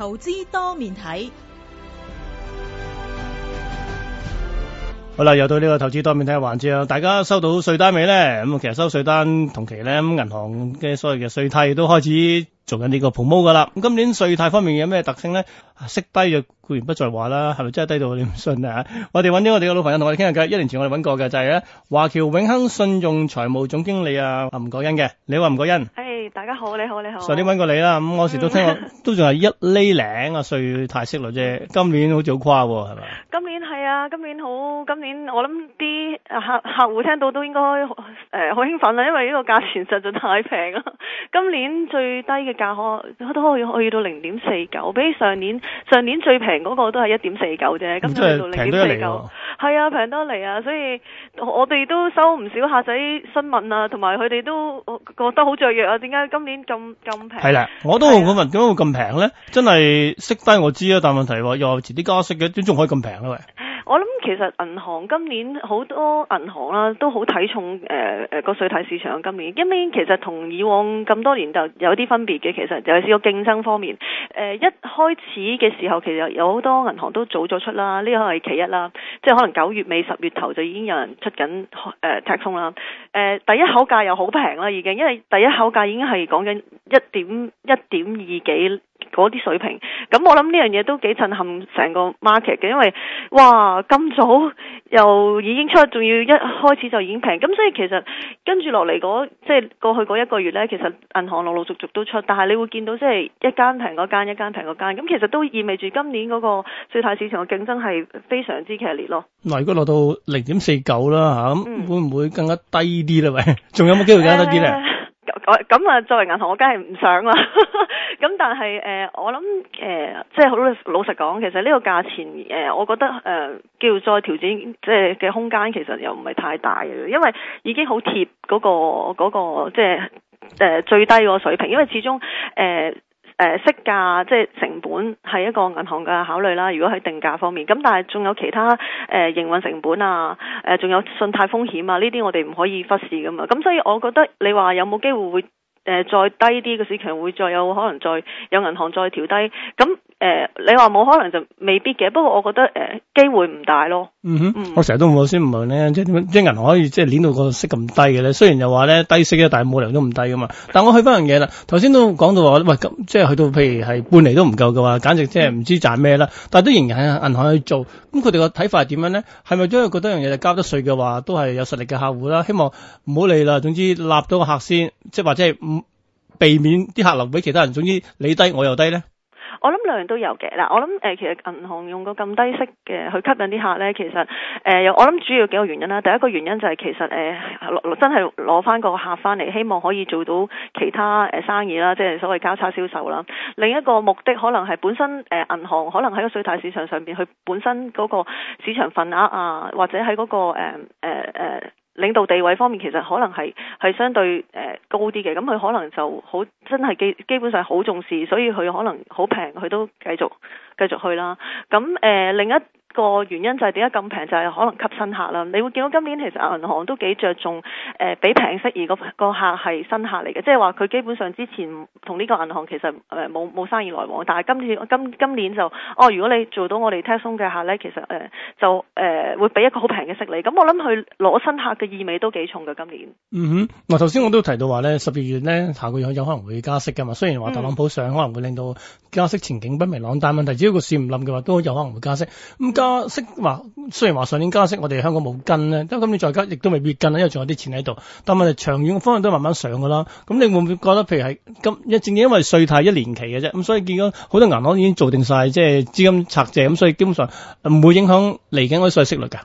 投資多面睇，好啦，又到呢個投資多面睇嘅環節啦。大家收到稅單未呢？咁其實收稅單同期咧，咁銀行嘅所謂嘅稅貸都開始做緊呢個 promote 噶啦。咁今年稅貸方面有咩特性呢？息低就固然不在話啦，係咪真係低到你唔信啊？我哋揾咗我哋嘅老朋友同我哋傾下偈。一年前我哋揾過嘅就係咧，華僑永亨信用財務總經理啊，吳幗欣嘅，你話吳幗欣？哎你好，你好，你好。上年揾過你啦，咁嗰時都聽我 都仲係一厘零啊，稅息率啫。今年好似好誇喎，係嘛？今年係啊，今年好，今年我諗啲客客戶聽到都應該誒好、呃、興奮啦，因為呢個價錢實在太平啦。今年最低嘅價可都可以去到零點四九，比上年上年最平嗰個都係一點四九啫。今年去到零點四九。係啊，平得嚟啊，所以我哋都收唔少客仔詢問啊，同埋佢哋都覺得好雀躍啊，點解今年咁咁平？係啦、啊，我都問，點解會咁平咧？真係息低我知啊，但問題又遲啲加息嘅，點仲可以咁平啊。喂！其實銀行今年好多銀行啦，都好睇重誒誒個稅貸市場今年，因為其實同以往咁多年就有啲分別嘅，其實尤其是個競爭方面。誒、呃、一開始嘅時候，其實有好多銀行都早咗出啦，呢、這個係其一啦。即係可能九月尾十月頭就已經有人出緊誒稅貸啦。誒、呃呃、第一口價又好平啦，已經，因為第一口價已經係講緊一點一點二幾。嗰啲水平，咁我諗呢樣嘢都幾震撼成個 market 嘅，因為哇咁早又已經出，仲要一開始就已經平，咁所以其實跟住落嚟，嗰即係過去嗰一個月呢，其實銀行陸陸續續都出，但係你會見到即係一間平嗰間，一間平嗰間，咁其實都意味住今年嗰個稅貸市場嘅競爭係非常之劇烈咯。嗱，如果落到零點四九啦吓，咁會唔會更加低啲咧？喂，仲有冇機會更加低啲呢？咁啊，作為銀行我、 呃，我梗係唔想啦。咁但係誒，我諗誒，即係好老老實講，其實呢個價錢誒、呃，我覺得誒、呃，叫再調整即係嘅空間，其實又唔係太大嘅，因為已經好貼嗰個、嗰個即係誒、呃、最低個水平，因為始終誒。呃誒、呃、息價即係成本係一個銀行嘅考慮啦。如果喺定價方面，咁但係仲有其他誒、呃、營運成本啊，誒、呃、仲有信貸風險啊，呢啲我哋唔可以忽視㗎嘛。咁所以我覺得你話有冇機會會誒、呃、再低啲嘅市場，會再有可能再有銀行再調低咁。誒、呃，你話冇可能就未必嘅，不過我覺得誒機、呃、會唔大咯。嗯哼，我成日都冇先問咧，即係點即係銀行可以即係諗到個息咁低嘅咧。雖然又話咧低息咧，但係冇理由都唔低噶嘛。但我去翻樣嘢啦，頭先都講到話，喂咁即係去到譬如係半厘都唔夠嘅話，簡直即係唔知賺咩啦。但係都仍然喺銀行去做，咁佢哋個睇法係點樣咧？係咪因為覺得樣嘢就交得稅嘅話，都係有實力嘅客戶啦？希望唔好理啦。總之，立到個客先，即係或者係避免啲客留俾其他人。總之，你低我又低咧。我諗兩樣都有嘅嗱，我諗誒、呃、其實銀行用個咁低息嘅去吸引啲客咧，其實誒、呃、我諗主要幾個原因啦、啊。第一個原因就係其實誒、呃、真係攞翻個客翻嚟，希望可以做到其他誒、呃、生意啦，即係所謂交叉銷售啦。另一個目的可能係本身誒、呃、銀行可能喺個稅貸市場上邊，佢本身嗰個市場份額啊，或者喺嗰、那個誒誒誒領導地位方面，其實可能係係相對誒，呃高啲嘅，咁佢可能就好真係基基本上好重視。所以佢可能好平，佢都繼續繼續去啦。咁誒，呃，另一個原因就係點解咁平，就係、是、可能吸新客啦。你會見到今年其實銀行都幾着重誒，俾、呃、平息而個客係新客嚟嘅，即係話佢基本上之前同呢個銀行其實誒冇冇生意來往，但係今年今今，今年就哦，如果你做到我哋 t e 嘅客咧，其實誒、呃、就誒、呃、會俾一個好平嘅息你。咁我諗佢攞新客嘅意味都幾重嘅今年。嗯哼，我頭先我都提到話咧，十二月咧下個月有可能會加息嘅嘛，雖然話特朗普上可能會令到加息前景不明朗，嗯、但係問題只要個市唔冧嘅話，都有可能會加息。嗯加息話雖然話上年加息，我哋香港冇跟咧，但係今年再加，亦都未必跟啦，因為仲有啲錢喺度。但係長遠嘅方向都慢慢上嘅啦。咁你會唔會覺得，譬如係今一，正正因為稅貸一年期嘅啫，咁所以見到好多銀行已經做定晒，即係資金拆借，咁所以基本上唔會影響嚟緊嗰啲稅息率㗎。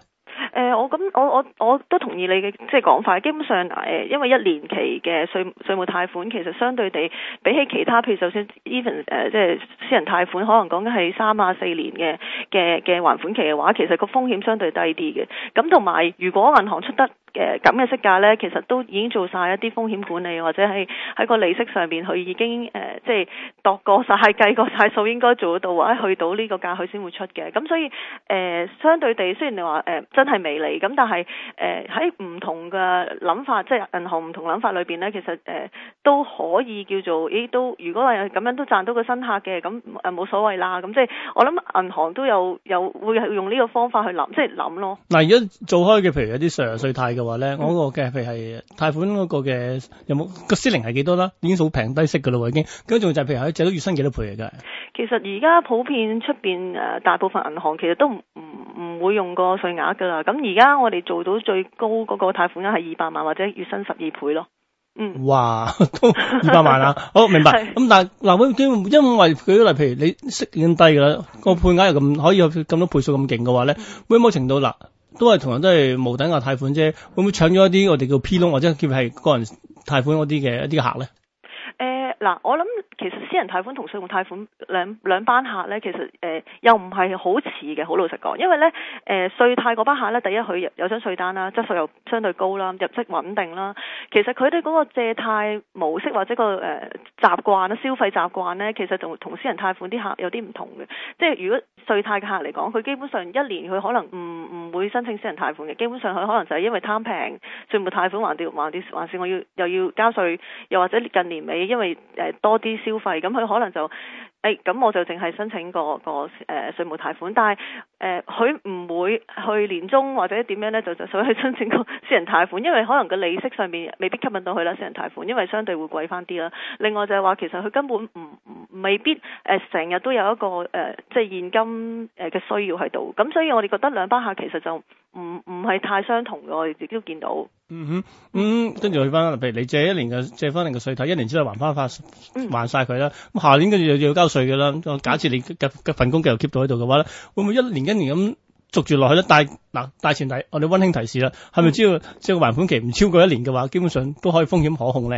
咁、哦、我我我都同意你嘅即係講法，基本上誒，因為一年期嘅稅，稅務貸款其實相對地比起其他，譬如首先，even 誒即係私人貸款，可能講緊係三啊四年嘅嘅嘅還款期嘅話，其實個風險相對低啲嘅。咁同埋如果銀行出得。誒咁嘅息價呢，其實都已經做晒一啲風險管理，或者係喺個利息上邊，佢已經誒、呃、即係度過晒計過晒數，應該做得到啊！或者去到呢個價，佢先會出嘅。咁、嗯、所以誒、呃，相對地，雖然你話誒、呃、真係未嚟，咁但係誒喺唔同嘅諗法，即係銀行唔同諗法裏邊呢，其實誒、呃、都可以叫做，咦、欸、都如果係咁樣都賺到個新客嘅，咁誒冇所謂啦。咁、嗯、即係我諗銀行都有有會用呢個方法去諗，即係諗咯。嗱，而家做開嘅譬如有啲上稅貸嘅。話咧，嗯、我嗰個嘅，譬如係貸款嗰個嘅，有冇個息率係幾多啦？已經算好平低息噶啦，已經。咁樣仲就係譬如係借到月薪幾多倍嚟噶？其實而家普遍出邊誒，大部分銀行其實都唔唔會用個稅額噶啦。咁而家我哋做到最高嗰個貸款額係二百萬或者月薪十二倍咯。嗯。哇，都二百萬啊！ 好明白。咁 是但係嗱，會因為舉個例，譬如你息已經低噶啦，個配額又咁可以有咁多倍數咁勁嘅話咧，會冇、嗯、程度嗱？都係同樣，都係無抵押貸款啫，會唔會搶咗一啲我哋叫 P 窿，或者叫係個人貸款嗰啲嘅一啲客咧？嗱，我諗其實私人貸款同稅務貸款兩兩班客咧，其實誒又唔係好似嘅，好老實講，因為咧誒稅貸嗰班客咧，第一佢有張稅單啦，質素又相對高啦，入息穩定啦。其實佢哋嗰個借貸模式或者個誒習慣啦，消費習慣咧，其實同同私人貸款啲客有啲唔同嘅。即係如果稅貸嘅客嚟講，佢基本上一年佢可能唔唔會申請私人貸款嘅，基本上佢可能就係因為貪平，稅務貸款還掉還啲還是我要又要交稅，又或者近年尾因為誒，多啲消費，咁佢可能就誒，咁、哎、我就淨係申請個個誒、呃、稅務貸款，但係。誒，佢唔、呃、會去年中或者點樣咧，就就想去申請個私人貸款，因為可能個利息上面未必吸引到佢啦，私人貸款，因為相對會貴翻啲啦。另外就係話，其實佢根本唔未必誒，成、呃、日都有一個誒、呃，即係現金誒嘅、呃、需要喺度。咁所以我哋覺得兩班客其實就唔唔係太相同嘅，我哋自己都見到。嗯哼，咁跟住去翻，譬、嗯嗯、如你借一年嘅借翻嚟嘅稅貸，一年之後還翻一翻，還晒佢、嗯、啦。咁下年跟住又要交稅嘅啦。咁假設你份工繼續 keep 到喺度嘅話咧，會唔會一年？一年咁續住落去咧，大嗱大前提我哋溫馨提示啦，係咪只要即係還款期唔超過一年嘅話，基本上都可以風險可控呢？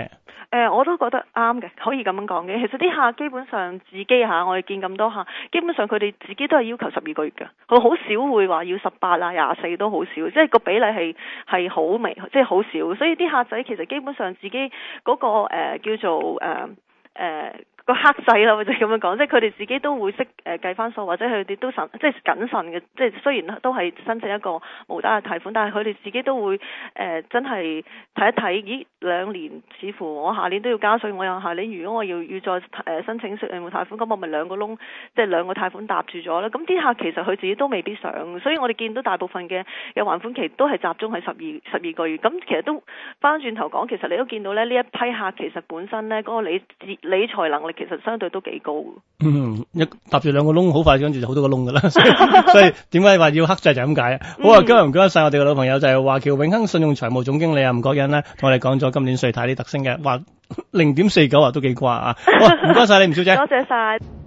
誒、嗯，我都覺得啱嘅，可以咁樣講嘅。其實啲客基本上自己嚇，我哋見咁多客，基本上佢哋自己都係要求十二個月嘅，佢好少會話要十八啊、廿四都好少，即係個比例係係好微，即係好少。所以啲客仔其實基本上自己嗰、個、呃、叫做誒誒。呃呃個黑仔啦，我就咁樣講，即係佢哋自己都會識誒計翻數，或者佢哋都慎，即係謹慎嘅。即係雖然都係申請一個無擔嘅貸款，但係佢哋自己都會誒、呃、真係睇一睇，咦兩年似乎我下年都要加稅，我又下年如果我要要再誒申請稅務貸款，咁我咪兩個窿，即係兩個貸款搭住咗啦。咁啲客其實佢自己都未必想，所以我哋見到大部分嘅嘅還款期都係集中喺十二十二個月。咁其實都翻轉頭講，其實你都見到咧，呢一批客其實本身咧嗰、嗰個理理財能力。其實相對都幾高。嗯，一搭住兩個窿，好快跟住就好多個窿噶啦。所以點解話要克制就咁解？好啊，今日唔該晒我哋嘅老朋友就係華僑永亨信用財務總經理啊吳幗欣咧，同我哋講咗今年稅貸啲特升嘅，話零點四九啊都幾啱啊。好，唔該晒你吳小姐。多謝晒。